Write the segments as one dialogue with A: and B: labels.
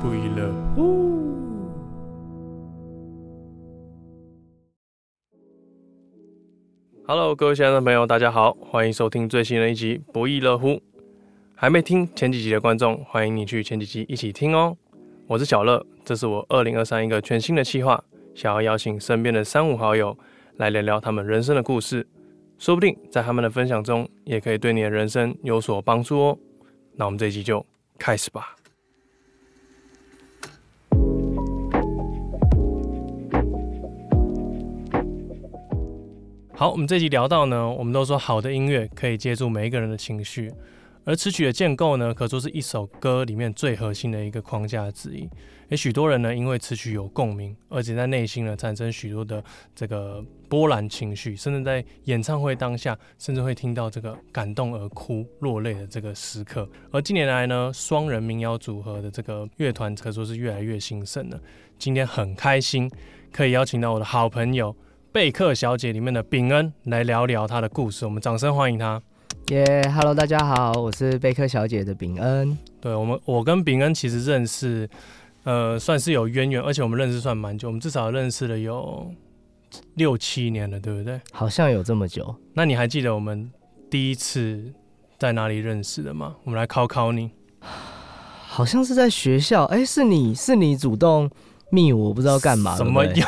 A: 不亦樂乎
B: ！Hello，各位親愛的朋友，大家好，歡迎收聽最新的一集《不亦樂乎》。還沒聽前幾集的觀眾，歡迎你去前幾集一起聽哦。我是小樂，這是我二零二三一個全新的計劃，想要邀請身邊的三五好友來聊聊他們人生的故事。說不定在他們的分享中，也可以對你的人生有所幫助哦。那我們這一集就開始吧。好，我們這一集聊到呢，我們都說好的音樂可以接住每一個人的情緒，而詞曲的建構呢，可說是一首歌裡面最核心的一個框架之一。也許多人呢，因為詞曲有共鳴，而且在內心呢產生許多的這個波瀾情緒，甚至在演唱會當下，甚至會聽到這個感動而哭落淚的這個時刻。而近年來呢，雙人民謠組合的這個樂團可說是越來越興盛了。今天很開心可以邀請到我的好朋友《貝克小姐》裡面的秉恩來聊聊他的故事，我們掌聲歡迎他耶！哈
A: 嘍，yeah, hello, 大家
B: 好，我是《貝克小姐》的秉恩。對，我們我跟秉恩其實認識。呃，算是有淵源，而且我們認識算蠻久，我們至少認識了有六七年了，對不
A: 對？好像有這麼久。
B: 那你還記得我們第一次在哪裡認識的嗎？我們來
A: 考考你。好像是在學校，哎、欸，是你是你主動密我，不知道幹嘛。怎麼又？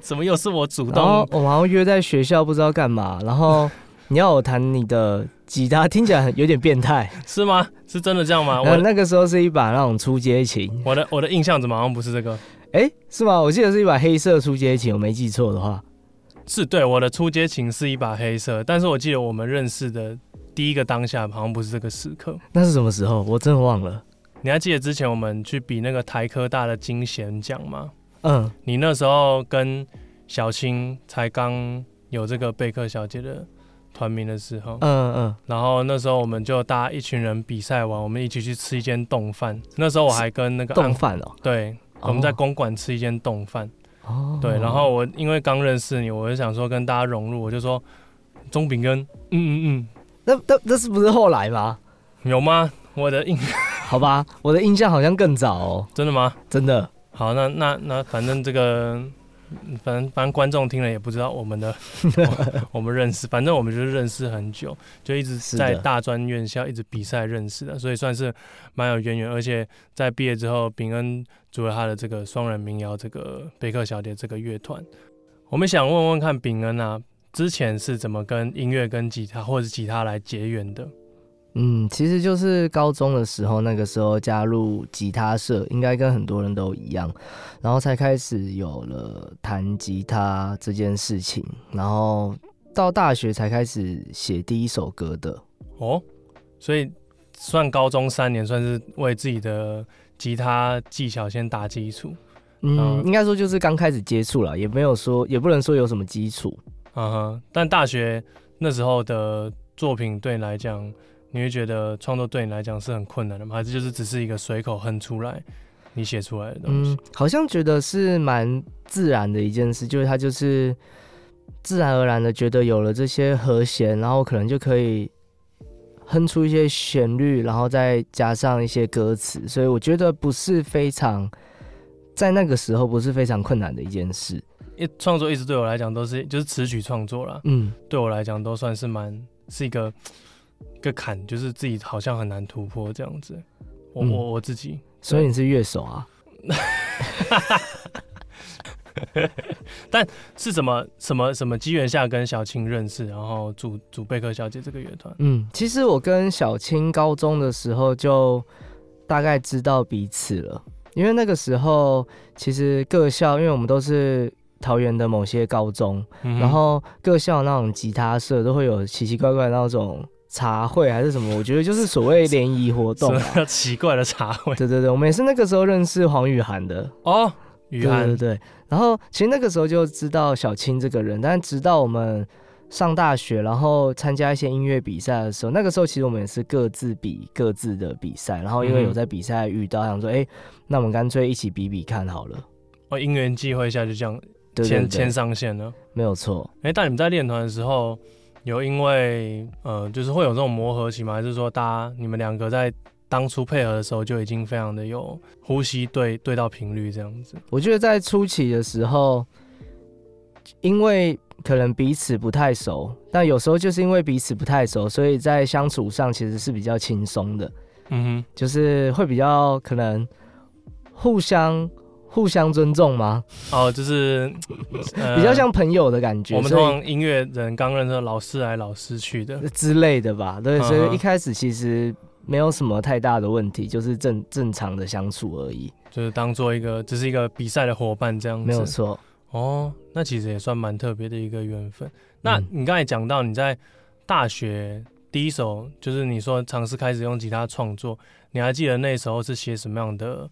B: 怎 麼又是我主動？
A: 我們好像約在學校，不知道幹嘛。然後你要我談你的。吉他聽起來很有點變態，
B: 是嗎？是真的這樣嗎？我 那，那
A: 個時候是一把那種初階琴。 我的我的印象怎
B: 麼好像不是這個？
A: 欸、是嗎？我記得是一把黑色初階琴，我沒記錯的話，
B: 是對，我的初階琴是一把黑色。但是我記得我們認識的第一個當下，好像不是
A: 這個時刻。那是什麼時候？我真的忘了。
B: 你還記得之前我們去比那個臺科大的金弦獎嗎？嗯，你那時候跟小青才剛有這個貝克小姐的。團名的時候，嗯嗯，然後那時候我們就大家一群人比賽完，我們一起去吃一間丼飯。那時候我還跟那個丼飯哦，對哦，我們在公館吃一間丼飯。對，然後我因為剛認識你，我就想說跟大家融入，我就說鍾秉恩，嗯嗯嗯，那那那是不是後來吧？有嗎？我的印， 好吧，我的印象好像更早哦。真的嗎？真的。好，那那那反正這個。 反正反正觀眾聽了也不知道我們的我們， 我們認識，反正我們就是認識很久，就一直在大專院校一直比賽認識的，所以算是蠻有淵源，源。而且在畢業之後，秉恩組了他的這個雙人民謠這個貝克小姐這個樂團。我們想問問看，秉恩啊，之前是怎麼跟音樂、跟吉他或者吉他來結緣的？
A: 嗯，其實就是高中的時候，那個時候加入吉他社，應該跟很多人都一樣，然後才開始有了彈吉他這件事情。然後到大學才開始寫第一首歌的哦，
B: 所以算高中三年算是為自己的吉他技巧先打
A: 基礎。嗯，嗯應該說就是剛開始接觸了，也沒有說也不能說有什麼基礎。
B: 嗯哼，但大學那時候的作品對你來講。你會覺得創作對你來講是很困難的嗎？還是就是只是一個隨口哼出來，你寫出來的東西？嗯，
A: 好像覺得是蠻自然的一件事，就是它就是自然而然的覺得有了這些和弦，然後可能就可以哼出一些旋律，然後再加上一些歌詞，所以我覺得不是非常在那個時候不是非常困難的一件事。
B: 創作一直對我來講都是就是詞曲創作了，嗯，對我來講都算是蠻是一個個坎，就是自己好像很難突破這樣子，我我、嗯、我自己，
A: 所以你是樂手啊？哈哈哈，
B: 但是什麼什麼什麼機緣下跟小青認識，然後組組貝克小姐這個樂團？
A: 嗯，其實我跟小青高中的時候就大概知道彼此了，因為那個時候其實各校，因為我們都是桃園的某些高中，嗯、然後各校那種吉他社都會有奇奇怪怪的那種。茶會還是什麼？我覺得就是所謂聯誼活動，啊。什麼
B: 奇怪的茶
A: 會？對對對，我們也是那個時候認識黃雨涵的哦。雨涵對，對對，然後其實那個時候就知道小青這個人，但直到我們上大學，然後參加一些音樂比賽的時候，那個時候其實我們也是各自比各自的比賽，然後因為有在比賽遇到，嗯，想說哎，那我們乾脆一起比比看好了。
B: 哦，因緣際會下就這樣牽牽對對對對上線了，
A: 沒有錯。
B: 哎，但你們在練團的時候。有因為，嗯、呃，就是會有這種磨合期嗎？還是說，大家你們兩個在當初配合的時候就已經非常的有呼吸對對到頻率這樣子？
A: 我覺得在初期的時候，因為可能彼此不太熟，但有時候就是因為彼此不太熟，所以在相處上其實是比較輕鬆的。嗯哼，就是會比較可能互相，互相尊重嗎？嗯、
B: 哦，就是 比較像朋友的感覺。 呃、我們通常音樂人剛認識，老師來老師去的之類的吧？對呵呵，所以一
A: 開始其實沒有什麼太大的問題，就是正正常的相處而已。就是當做一
B: 個，只、就是一個比賽的夥伴這樣子。沒有錯。哦，那其實也算蠻特別的一個緣分。那、嗯、你剛才講到你在大學第一首，就是你說嘗試開始用吉他創作，你還記得那時候是寫什麼樣的？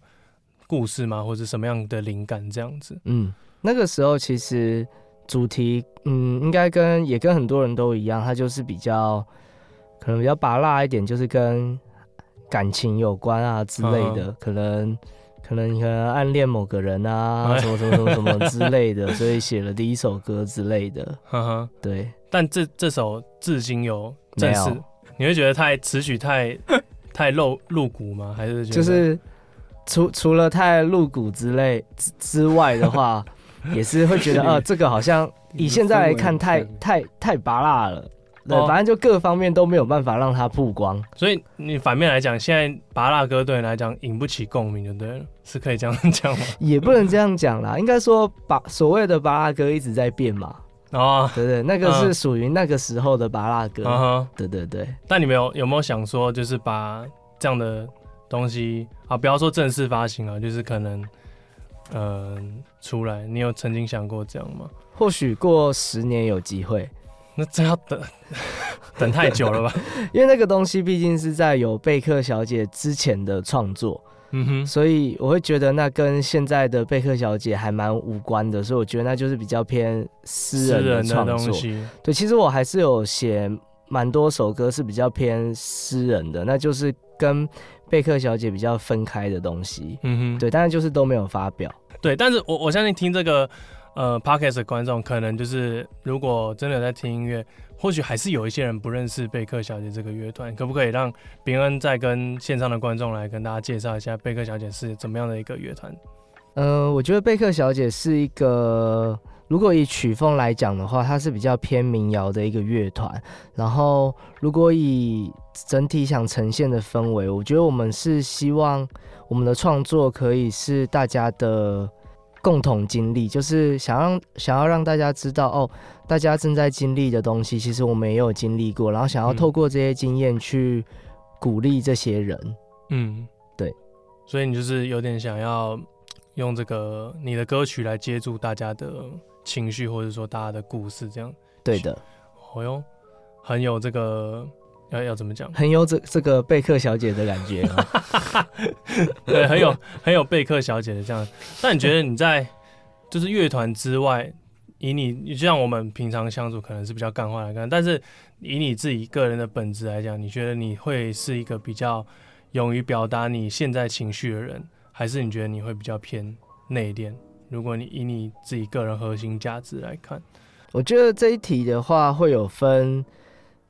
B: 故事嗎，或者什麼樣的靈感這樣子？
A: 嗯，那個時候其實主題，嗯，應該跟也跟很多人都一樣，它就是比較可能比較芭樂一點，就是跟感情有關啊之類的，啊、可能可能你可能暗戀某個人啊，啊，什麼什麼什麼什麼之類的， 所以寫了第一首歌之類的。哈、啊、哈，對。
B: 但這這首至今有？沒有。你會覺得太詞曲太太露露
A: 骨嗎？還是覺得就是。除除了太露骨之類之之外的話， 也是會覺得啊， 這個好像以現在來看太 太，太太太拔辣了。對，oh. 反正就各方面都沒有辦法讓它曝光。
B: 所以你反面來講，現在拔辣歌對你來講引不起共鳴就對了，是可以這樣講
A: 嗎？也不能這樣講啦， 應該說把所謂的拔辣歌一直在變嘛。
B: 哦、oh.，對
A: 對，那個是屬於那個時候的拔辣歌。嗯哼，對對對。
B: 但你們有有沒有想說，就是把這樣的？東西啊，不要說正式發行啊，就是可能，嗯、呃，出來，你有曾經想過這樣嗎？
A: 或許過十年有機會，那真要等，
B: 等太久了吧？
A: 因為那個東西畢竟是在有貝克小姐之前的創作，嗯哼，所以我會覺得那跟現在的貝克小姐還蠻無關的，所以我覺得那就是比較偏私人的，私人的東西。對，其實我還是有寫蠻多首歌是比較偏私人的，那就是。跟貝克小姐比較分開的東西，嗯哼，對，但是就是都沒有發表。
B: 對，但是我我相信聽這個呃 podcast 的觀眾，可能就是如果真的有在聽音樂，或許還是有一些人不認識貝克小姐這個樂團。可不可以讓秉恩再跟線上的觀眾來跟大家介紹一下貝克小姐是怎麼樣的一個樂團？
A: 呃，我覺得貝克小姐是一個，如果以曲風來講的話，它是比較偏民謠的一個樂團。然後如果以整體想呈現的氛圍，我覺得我們是希望我們的創作可以是大家的共同經歷，就是想讓想要讓大家知道哦，大家正在經歷的東西，其實我們也有經歷過，然後想要透過這些經驗去鼓勵這些人。嗯，對，
B: 所以你就是有點想要用這個你的歌曲來接住大家的情緒，或者說大家的故事，這樣。對的，哦喲，很有這個。要要怎麼講？
A: 很有這這個貝克小姐的感覺啊，
B: 對，很有很有貝克小姐的這樣。那你覺得你在就是樂團之外，以你就像我們平常相處可能是比較幹話來看。但是以你自己個人的本質來講，你覺得你會是一個比較勇於表達你現在情緒的人，還是你覺得你會比較偏內斂？如果你以你自己個人核心價值來看，
A: 我覺得這一題的話會有分。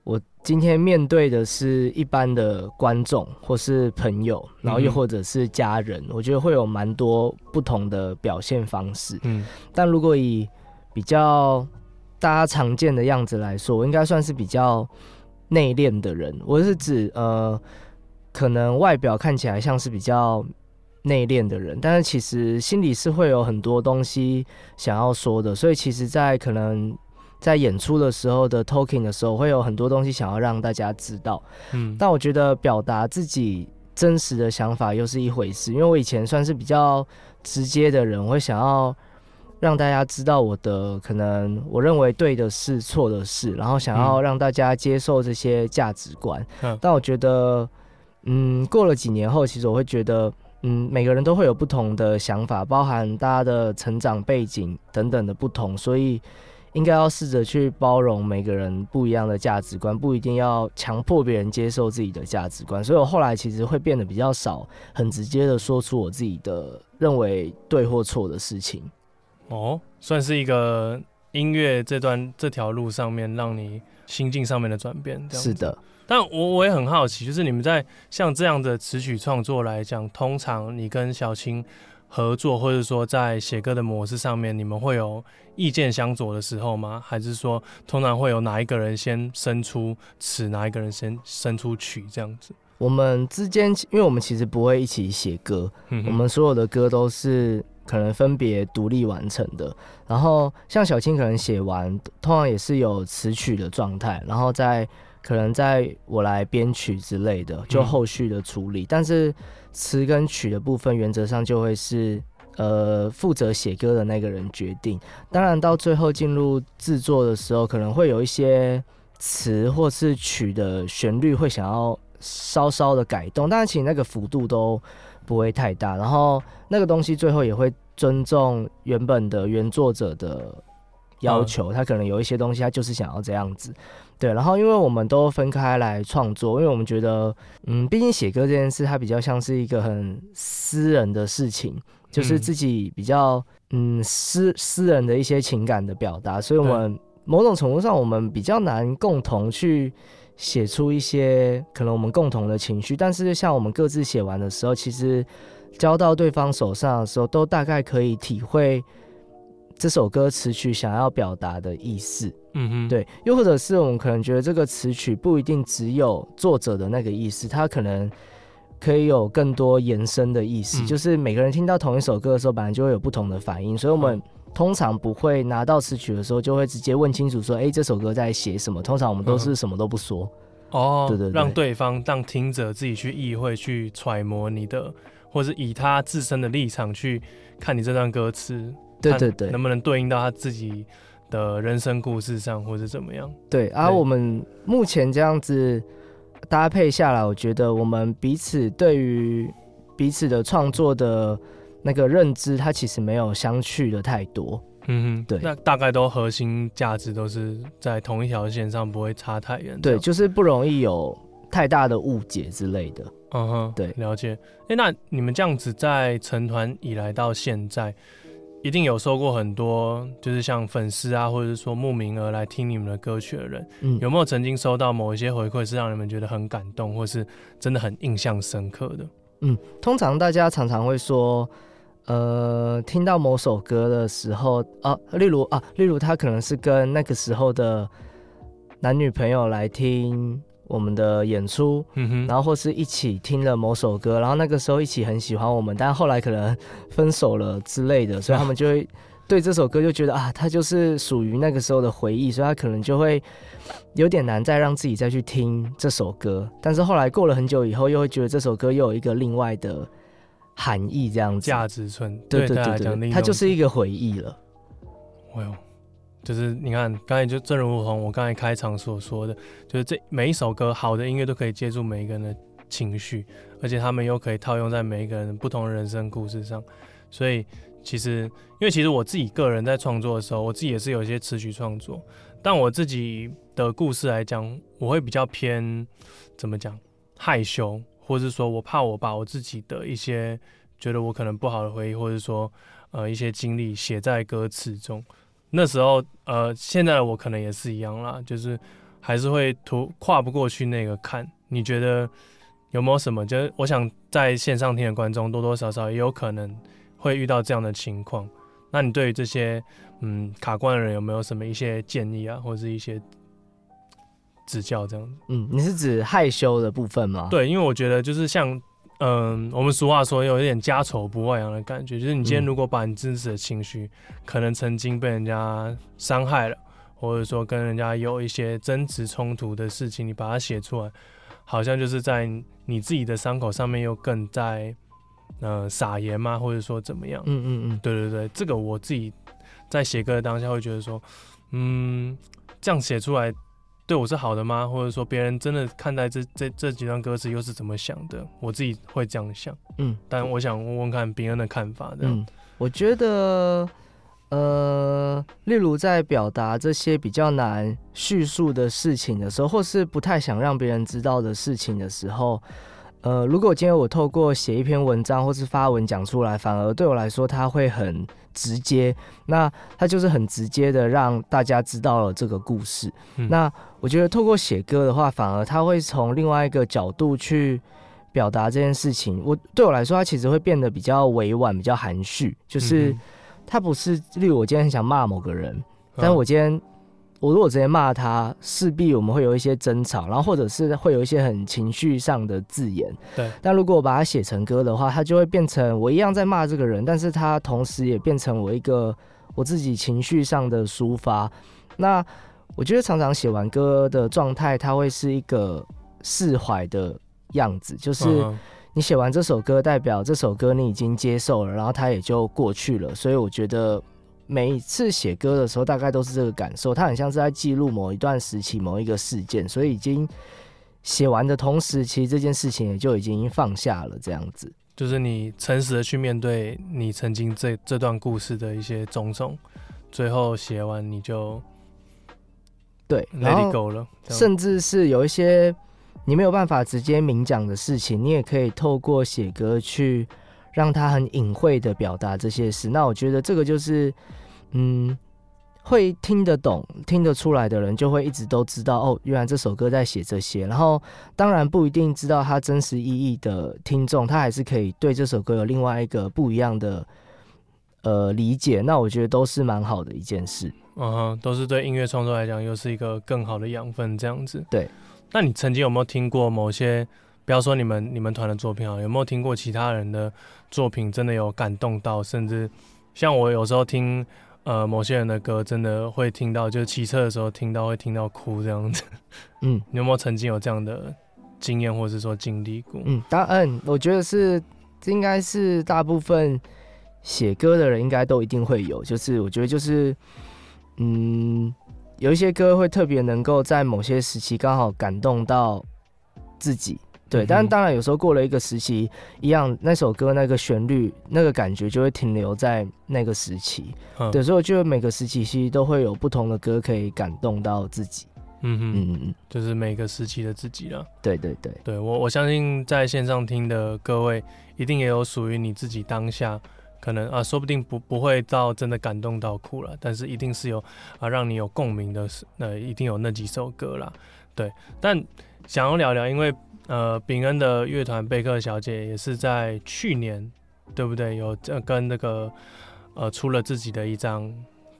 A: 我今天面對的是一般的觀眾，或是朋友，然後又或者是家人，嗯嗯，我覺得會有蠻多不同的表現方式。嗯，但如果以比較大家常見的樣子來說，我應該算是比較內斂的人。我是指，呃，可能外表看起來像是比較內斂的人，但是其實心裡是會有很多東西想要說的。所以，其實在可能。在演出的時候的 talking 的時候，會有很多東西想要讓大家知道。嗯，但我覺得表達自己真實的想法又是一回事。因為我以前算是比較直接的人，我會想要讓大家知道我的可能我認為對的事、錯的事，然後想要讓大家接受這些價值觀，嗯。但我覺得，嗯，過了幾年後，其實我會覺得，嗯，每個人都會有不同的想法，包含大家的成長背景等等的不同，所以。應該要試着去包容每個人不一樣的價值觀，不一定要強迫別人接受自己的價值觀。所以我後來其實會變得比較少，很直接的說出我自己的認為對或錯的事情。
B: 哦，算是一個音樂這段這條路上面讓你心境上面的轉變。是的，但我我也很好奇，就是你們在像這樣的詞曲創作來講，通常你跟小青，合作，或者說在寫歌的模式上面，你們會有意見相左的時候嗎？還是說通常會有哪一個人先生出詞，哪一個人先生出曲這樣子？
A: 我們之間，因為我們其實不會一起寫歌，嗯，我們所有的歌都是。可能分別獨立完成的，然後像小青可能寫完，通常也是有詞曲的狀態，然後再可能在我來編曲之類的，就後續的處理。嗯、但是詞跟曲的部分，原則上就會是呃負責寫歌的那個人決定。當然到最後進入製作的時候，可能會有一些詞或是曲的旋律會想要稍稍的改動，但是其實那個幅度都。不會太大，然後那個東西最後也會尊重原本的原作者的要求。嗯、他可能有一些東西，他就是想要這樣子，對。然後因為我們都分開來創作，因為我們覺得，嗯，畢竟寫歌這件事，它比較像是一個很私人的事情，就是自己比較嗯，嗯私私人的一些情感的表達，所以我們某種程度上，我們比較難共同去。寫出一些可能我們共同的情緒，但是像我們各自寫完的時候，其實交到對方手上的時候，都大概可以體會這首歌詞曲想要表達的意思。嗯哼，對。又或者是我們可能覺得這個詞曲不一定只有作者的那個意思，它可能可以有更多延伸的意思。嗯、就是每個人聽到同一首歌的時候，本來就會有不同的反應，所以我們、嗯。通常不會拿到詞曲的時候，就會直接問清楚說：“哎、欸，這首歌在寫什麼？”通常我們都是什麼都不說。哦、嗯，oh, 對,對對，讓
B: 對方當聽者自己去意會、去揣摩你的，或是以他自身的立場去看你這段歌詞。對對對，能不能對應到他自己的人生故事上，或是怎麼樣？
A: 對啊對，我們目前這樣子搭配下來，我覺得我們彼此對於彼此的創作的。那個認知，它其實沒有相去的太多。嗯哼，對。
B: 那大概都核心價值都是在同一條線上，不會差太遠。對，就
A: 是不容易有太大的誤解之類的。
B: 嗯哼，對，了解。哎、欸，那你們這樣子在成團以來到現在，一定有收過很多，就是像粉絲啊，或者是說慕名而來聽你們的歌曲的人，嗯、有沒有曾經收到某一些回饋，是讓你們覺得很感動，或者是真的很印象深刻的？
A: 嗯，通常大家常常會說。呃，聽到某首歌的時候啊，例如啊，例如他可能是跟那個時候的男女朋友來聽我們的演出，嗯哼，然後或是一起聽了某首歌，然後那個時候一起很喜歡我們，但後來可能分手了之類的，所以他們就會對這首歌就覺得啊，它就是屬於那個時候的回憶，所以他可能就會有點難再讓自己再去聽這首歌，但是後來過了很久以後，又會覺得這首歌又有一個另外的。含義這樣子，價值存對，對，對，對，對，對來他來講，另一它就是一個回憶了。
B: 哇，就是你看，剛才就正如我我剛才開場所說的，就是這每一首歌，好的音樂都可以接住每一個人的情緒，而且他們又可以套用在每一個人不同的人生故事上。所以，其實因為其實我自己個人在創作的時候，我自己也是有一些詞曲創作，但我自己的故事來講，我會比較偏怎麼講害羞。或者是說，我怕我把我自己的一些覺得我可能不好的回憶，或者說，呃，一些經歷寫在歌詞中。那時候，呃，現在的我可能也是一樣啦，就是還是會圖跨不過去那個坎。你覺得有沒有什麼？就是我想在線上聽的觀眾多多少少也有可能會遇到這樣的情況。那你對於這些嗯卡關的人有沒有什麼一些建議啊，或者是一些？指教這樣子，
A: 嗯，你是指害羞的部分嗎？對，
B: 因為我覺得就是像，嗯、呃，我們俗話說有一點家醜不外揚的感覺，就是你今天如果把你真實的情緒，可能曾經被人家傷害了，或者說跟人家有一些爭執衝突的事情，你把它寫出來，好像就是在你自己的傷口上面又更在，嗯、呃、撒鹽嗎？或者說怎麼樣？嗯嗯嗯，對對對，這個我自己在寫歌的當下會覺得說，嗯，這樣寫出來。對我是好的嗎？或者說別人真的看待這這這幾段歌詞又是怎麼想的？我自己會這樣想，嗯，但我想問問看別人的看法，這樣。嗯，
A: 我覺得，呃，例如在表達這些比較難敘述的事情的時候，或是不太想讓別人知道的事情的時候。呃，如果今天我透過寫一篇文章或是發文講出來，反而對我來說，他會很直接，那他就是很直接的讓大家知道了這個故事。嗯、那我覺得透過寫歌的話，反而他會從另外一個角度去表達這件事情。我對我來說，他其實會變得比較委婉，比較含蓄，就是他不是例如我今天很想罵某個人，嗯，但我今天。我如果直接罵他，勢必我們會有一些爭吵，然後或者是會有一些很情緒上的字眼。對。但如果我把它寫成歌的話，它就會變成我一樣在罵這個人，但是他同時也變成我一個我自己情緒上的抒發。那我覺得常常寫完歌的狀態，它會是一個釋懷的樣子，就是你寫完這首歌，代表這首歌你已經接受了，然後它也就過去了。所以我覺得。每一次寫歌的時候，大概都是這個感受。它很像是在記錄某一段時期、某一個事件，所以已經寫完的同時，其實這件事情也就已經放下了。這樣子，
B: 就是你誠實的去面對你曾經這這段故事的一些種種，最後寫完你就
A: 對，let it go 了。甚至是有一些你沒有辦法直接明講的事情，你也可以透過寫歌去。讓他很隱晦的表達這些事，那我覺得這個就是，嗯，會聽得懂，聽得出來的人就會一直都知道哦，原來這首歌在寫這些。然後，當然不一定知道它真實意義的聽眾，他還是可以對這首歌有另外一個不一樣的，呃，理解。那我覺得都是蠻好的一件事。
B: 嗯哼，都是對音樂創作來講，又是一個更好的養分，這樣子。對。那你曾經有沒有聽過某些？不要說你們你們團的作品啊，有沒有聽過其他人的作品？真的有感動到，甚至像我有時候聽呃某些人的歌，真的會聽到，就騎車的時候聽到會聽到哭這樣子。嗯，你有沒有曾經有這樣的經驗，或是說經歷
A: 過？嗯，當然，我覺得是應該是大部分寫歌的人應該都一定會有。就是我覺得就是嗯，有一些歌會特別能夠在某些時期剛好感動到自己。對，但當然有時候過了一個時期，一樣那首歌、那個旋律、那個感覺就會停留在那個時期。嗯、對，所以我覺得每個時期其實都會有不同的歌可以感動到自己。嗯嗯嗯，
B: 就是每個時期的自己了。對對對，對我我相信在線上聽的各位，一定也有屬於你自己當下可能啊，說不定不不會到真的感動到哭了，但是一定是有啊讓你有共鳴的，那、呃、一定有那幾首歌啦。對，但想要聊聊，因為呃，秉恩的樂團貝克小姐也是在去年，對不對？有這跟那個呃，出了自己的一張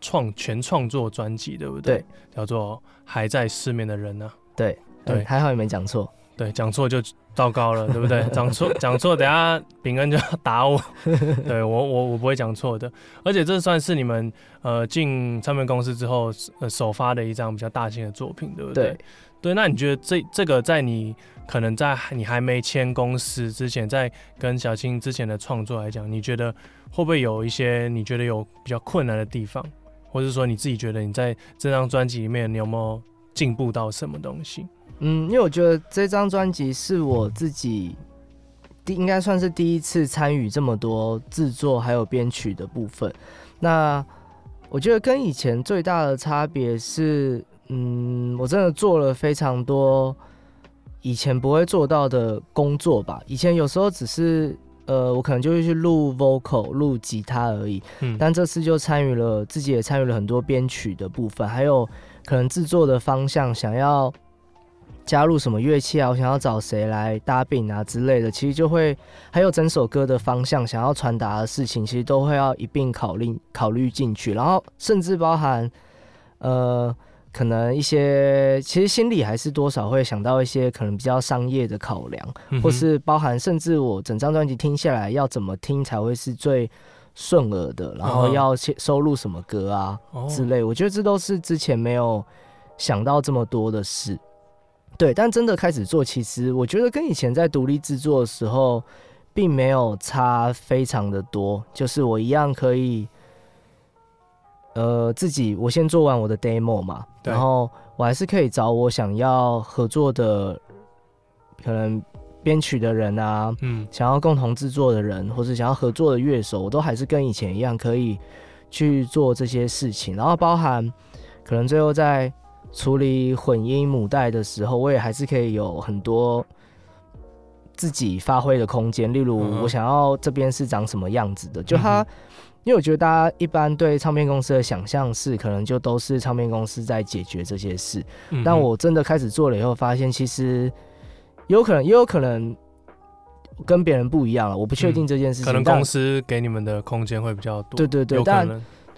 B: 創全創作專輯，對不對？對？叫做《還在失眠的人、啊》呢。
A: 對對、嗯，還好你沒講錯。對，講錯就糟糕了，對不對？ 講錯講
B: 錯，等下秉恩就要打我。 對，我我我不會講錯的，而且這算是你們呃進唱片公司之後呃首發的一張比較大型的作品，對不對？對對，那你覺得這這個在你可能在你還沒簽公司之前，在跟小青之前的創作來講，你覺得會不會有一些你覺得有比較困難的地方？或是說你自己覺得你在這張專輯裡面，你有沒有進步到什麼東西？嗯，
A: 因為我覺得這張專輯是我自己第，應該算是第一次參與這麼多制作還有編曲的部分。那我覺得跟以前最大的差別是。嗯，我真的做了非常多以前不會做到的工作吧。以前有時候只是呃，我可能就會去錄 vocal、錄吉他而已。嗯。但這次就參與了，自己也參與了很多編曲的部分，還有可能制作的方向，想要加入什麼樂器啊，我想要找誰來搭配啊之類的。其實就會還有整首歌的方向，想要傳達的事情，其實都會要一併考慮考慮進去。然後甚至包含呃。可能一些，其實心裡還是多少會想到一些可能比較商業的考量，嗯、或是包含甚至我整張專輯聽下來要怎麼聽才會是最順耳的，然後要先收錄什麼歌啊之類，Uh-huh. Oh. 我覺得這都是之前沒有想到這麼多的事。對，但真的開始做，其實我覺得跟以前在獨立製作的時候並沒有差非常的多，就是我一樣可以。呃，自己我先做完我的 demo 嘛，然後我還是可以找我想要合作的，可能編曲的人啊，嗯，想要共同制作的人，或者想要合作的樂手，我都還是跟以前一樣可以去做這些事情。然後包含可能最後在處理混音母帶的時候，我也還是可以有很多自己發揮的空間。例如，我想要這邊是長什麼樣子的，嗯、就他。嗯因為我覺得大家一般對唱片公司的想象是，可能就都是唱片公司在解決這些事。嗯、但我真的開始做了以後，發現其實有可能，也有可能跟別人不一樣了。我不確定這件事情、嗯。可能公
B: 司給你們的空間會比較多。對對對，但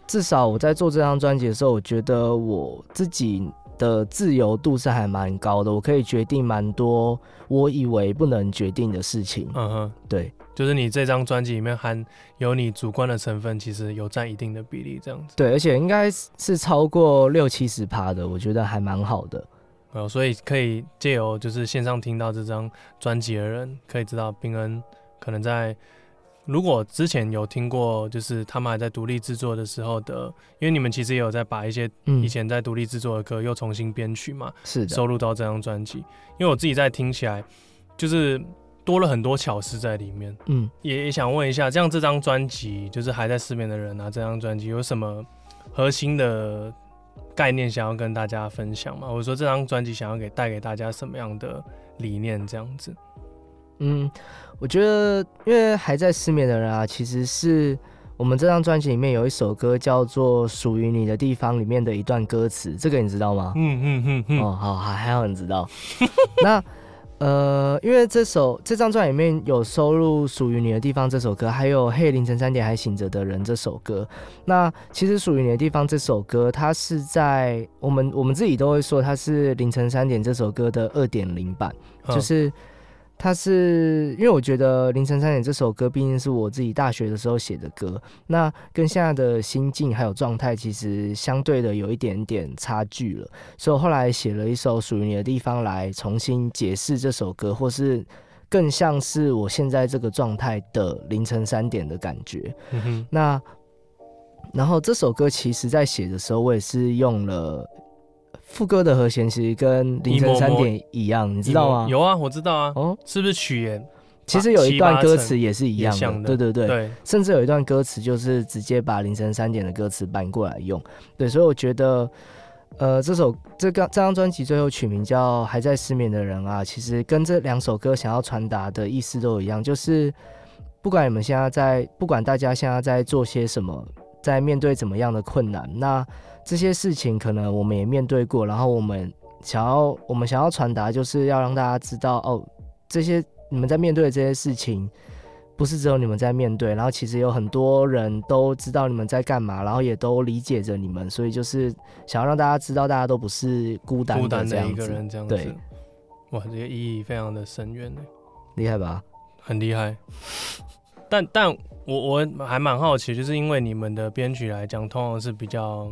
A: 至少我在做這張專輯的時候，我覺得我自己。的自由度是還蠻高的，我可以決定蠻多我以為不能決定的事情。嗯哼，對，
B: 就是你這張專輯裡面含有你主觀的成分，其實
A: 有佔一定的比例，這樣子。對，而且應該是超過六七十趴的，我覺得還蠻好的。
B: 哦、嗯，所以可以借由就是線上聽到這張專輯的人，可以知道秉恩可能在。如果之前有聽過，就是他們還在獨立制作的時候的，因為你們其實也有在把一些以前在獨立制作的歌又重新編曲嘛，是收錄到這張專輯。因為我自己在聽起來，就是多了很多巧思在裡面。嗯，也也想問一下，像這張專輯，就是還在失眠的人啊，這張專輯有什麼核心的概念想要跟大家分享嗎？或者說這張專輯想要給帶給大家什麼樣的理念這樣子？
A: 嗯，我覺得，因為還在失眠的人啊，其實是我們這張專輯裡面有一首歌叫做《屬於你的地方》裡面的一段歌詞，這個你知道嗎？嗯嗯嗯嗯，哦，好，還還有人知道？ 那呃，因為這首這張專輯裡面有收錄《屬於你的地方》這首歌，還有《嘿凌晨三點還醒着的人》這首歌。那其實《屬於你的地方》這首歌，它是在我們我們自己都會說它是凌晨三點這首歌的二點零版，嗯，就是。它是因為我覺得凌晨三點這首歌，畢竟是我自己大學的時候寫的歌，那跟現在的心境還有狀態其實相對的有一點點差距了，所以我後來寫了一首屬於你的地方來重新解釋這首歌，或是更像是我現在這個狀態的凌晨三點的感覺。嗯、那然後這首歌其實在寫的時候，我也是用了。副歌的和弦其實跟凌晨三點一樣摸摸，你知道嗎？
B: 有啊，我知道啊。哦，是不是曲源？
A: 其實有一段歌詞也是一樣的，的對對對，對，甚至有一段歌詞就是直接把凌晨三點的歌詞搬過來用。對，所以我覺得，呃，這首這這張專輯最後取名叫《還在失眠的人》啊，其實跟這兩首歌想要傳達的意思都一樣，就是不管你們現在在，不管大家現在在做些什麼，在面對怎麼樣的困難，那。這些事情可能我們也面對過，然後我們想要我們想要傳達，就是要讓大家知道哦，這些你們在面對的這些事情，不是只有你們在面對，然後其實有很多人都知道你們在幹嘛，然後也都理解着你們，所以就是想要讓大家知道，大家都不是孤單的，這樣子，孤單的一個人這樣子。對，
B: 哇，這個意義非常的深遠呢，厲害吧？很厲害。 但但我我還蠻好奇，就是因為你們的編曲來講，通常是比較。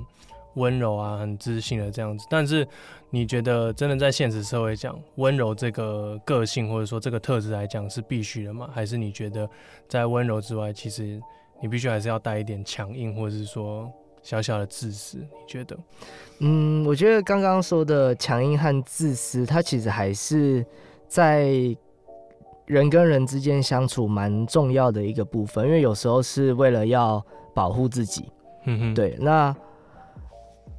B: 溫柔啊，很自信的這樣子。但是，你覺得真的在現實社會講溫柔這個個性，或者說這個特質來講是必須的嗎？還是你覺得在溫柔之外，其實你必須還是要帶一點強硬，或者是說小小的自私？你覺得？
A: 嗯，我覺得剛剛說的強硬和自私，它其實還是在人跟人之間相處蠻重要的一個部分，因為有時候是為了要保護自己。嗯哼，對，那。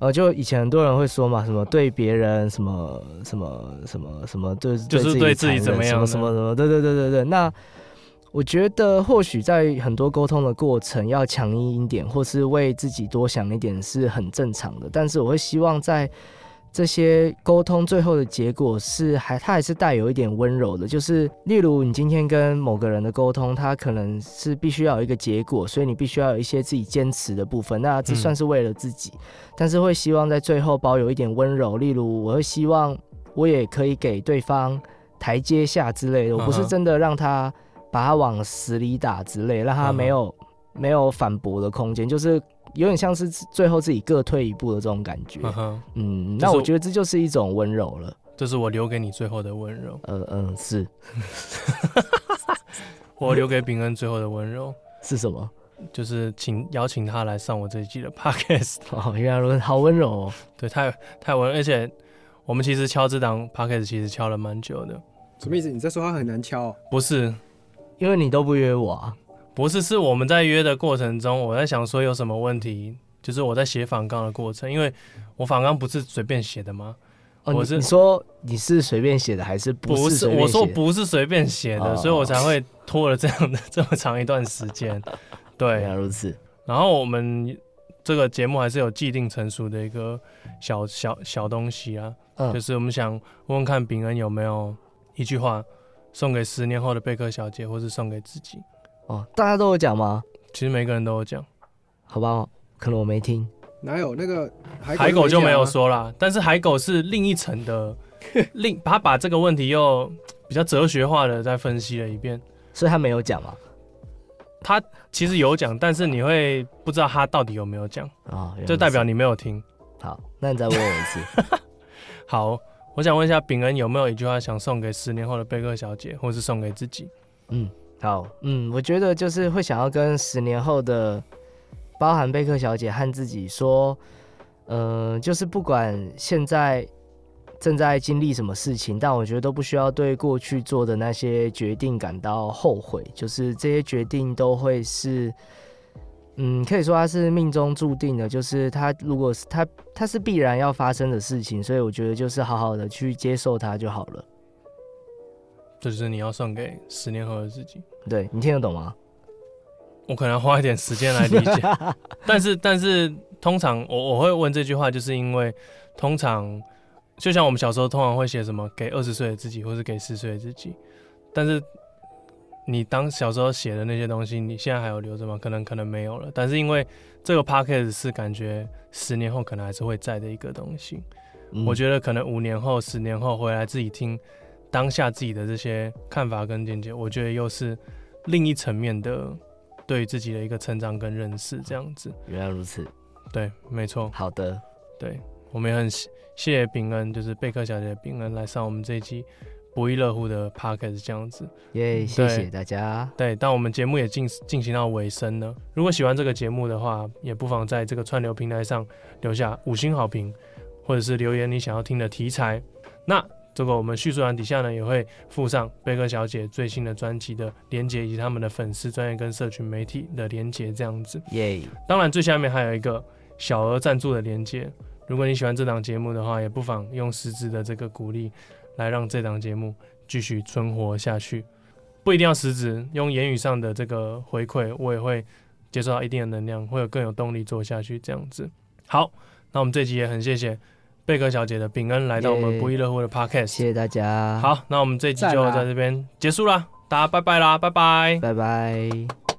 A: 呃，就以前很多人會說嘛，什麼對別人什麼什麼什麼什麼對，就是對自己怎麼樣，什麼什麼，對對對對對。那我覺得或許在很多溝通的過程，要強硬一點，或是為自己多想一點，是很正常的。但是我會希望在。這些溝通最後的結果是還，還它還是帶有一點溫柔的。就是例如，你今天跟某個人的溝通，他可能是必須要有一個結果，所以你必須要有一些自己堅持的部分。那這算是為了自己，嗯、但是會希望在最後保有一點溫柔。例如，我會希望我也可以給對方台階下之類的。我不是真的讓他把他往死裡打之類，讓他沒有、嗯、沒有反駁的空間，就是。有點像是最後自己各退一步的這種感覺，嗯、啊、哼，嗯、就是，那我覺得這就是一種溫柔了。
B: 這、就是我留給你最後的溫柔。嗯
A: 嗯，是。
B: 我留給秉恩最後的溫柔是什麼？就是請邀請他來上我這一季的 Podcast。好，好溫柔哦。對，太太溫柔，而且我們其實敲這檔 Podcast 其實敲了蠻久的。
A: 什麼意思？你在說他很難敲、
B: 哦。不是，因為你都不約我、啊。不是，是我們在約的過程中，我在想說有什麼問題，就是我在寫訪綱的過程，因為我訪綱不是隨便寫的嗎、
A: 哦？我是你你說你是隨便寫的還是不是，的不是？我說不是隨便寫的、嗯哦，所以我
B: 才會拖了這樣的、哦、 這麼長一段時間。
A: 對，如此。然後
B: 我們這個節目還是有既定成熟的一個小小小、小東西啊、嗯，就是我們想問問看秉恩有沒有一句話送給十年後的貝克小姐，或是送給自己？哦，大家都有講嗎？其實每個人都有講，好
A: 吧？可能我沒聽。哪有那個海狗，海狗就沒有說啦？
B: 但是海狗是另一層的， 另他把這個問題又比較哲學化的再分析了一
A: 遍，所以他沒有講嗎？
B: 他其實有講，但是你會不知道他到底有沒有講
A: 啊、哦？就代表你沒有聽。好，那你再問我一次。
B: 好，我想問一下秉恩有沒有一句話想送給十年後的貝克小姐，或是送給自己？嗯。
A: 好，嗯，我覺得就是會想要跟十年後的包含貝克小姐和自己說，呃，就是不管現在正在經歷什麼事情，但我覺得都不需要對過去做的那些決定感到後悔，就是這些決定都會是，嗯，可以說它是命中注定的，就是它如果是它，它是必然要發生的事情，所以我覺得就是好好的去接受它就好了。
B: 就是你要送給十年
A: 後的自己。對，你聽得懂嗎？
B: 我可能要花一點時間來理解。 但是，但是通常我我會問這句話，就是因為通常就像我們小時候通常會寫什麼給二十歲的自己，或是給十歲的自己。但是你當小時候寫的那些東西，你現在還有留着嗎？可能可能沒有了。但是因為這個 podcast 是感覺十年後可能還是會在的一個東西，嗯，我覺得可能五年後，十年後回來自己聽。當下自己的這些看法跟見解，我覺得又是另一層面的對自己的一個成長跟認識，這樣子。原來如此，對，沒錯。好的，對，我們也很謝謝秉恩，就是貝克小姐的秉恩來上我們這一期不亦樂乎的 Podcast 這樣子。耶、yeah,，謝謝大家。對，但我們節目也進進行到尾聲了。如果喜歡這個節目的話，也不妨在這個串流平台上留下五星好評，或者是留言你想要聽的題材。那。如果我們敘述欄底下呢，也會附上貝克小姐最新的專輯的連接，以及他們的粉絲專頁跟社群媒體的連接，這樣子。耶、yeah.！當然最下面還有一個小額贊助的連接。如果你喜歡這檔節目的話，也不妨用實質的這個鼓勵，來讓這檔節目繼續存活下去。不一定要實質，用言語上的這個回饋，我也會接受到一定的能量，會有更有動力做下去。這樣子。好，那我們這集也很謝謝。貝克小姐的秉恩來到我們不亦樂乎的 podcast，yeah, 謝謝大家。好，那我們這一集就在這邊結束啦，啊，大家拜
A: 拜啦，拜拜，拜拜。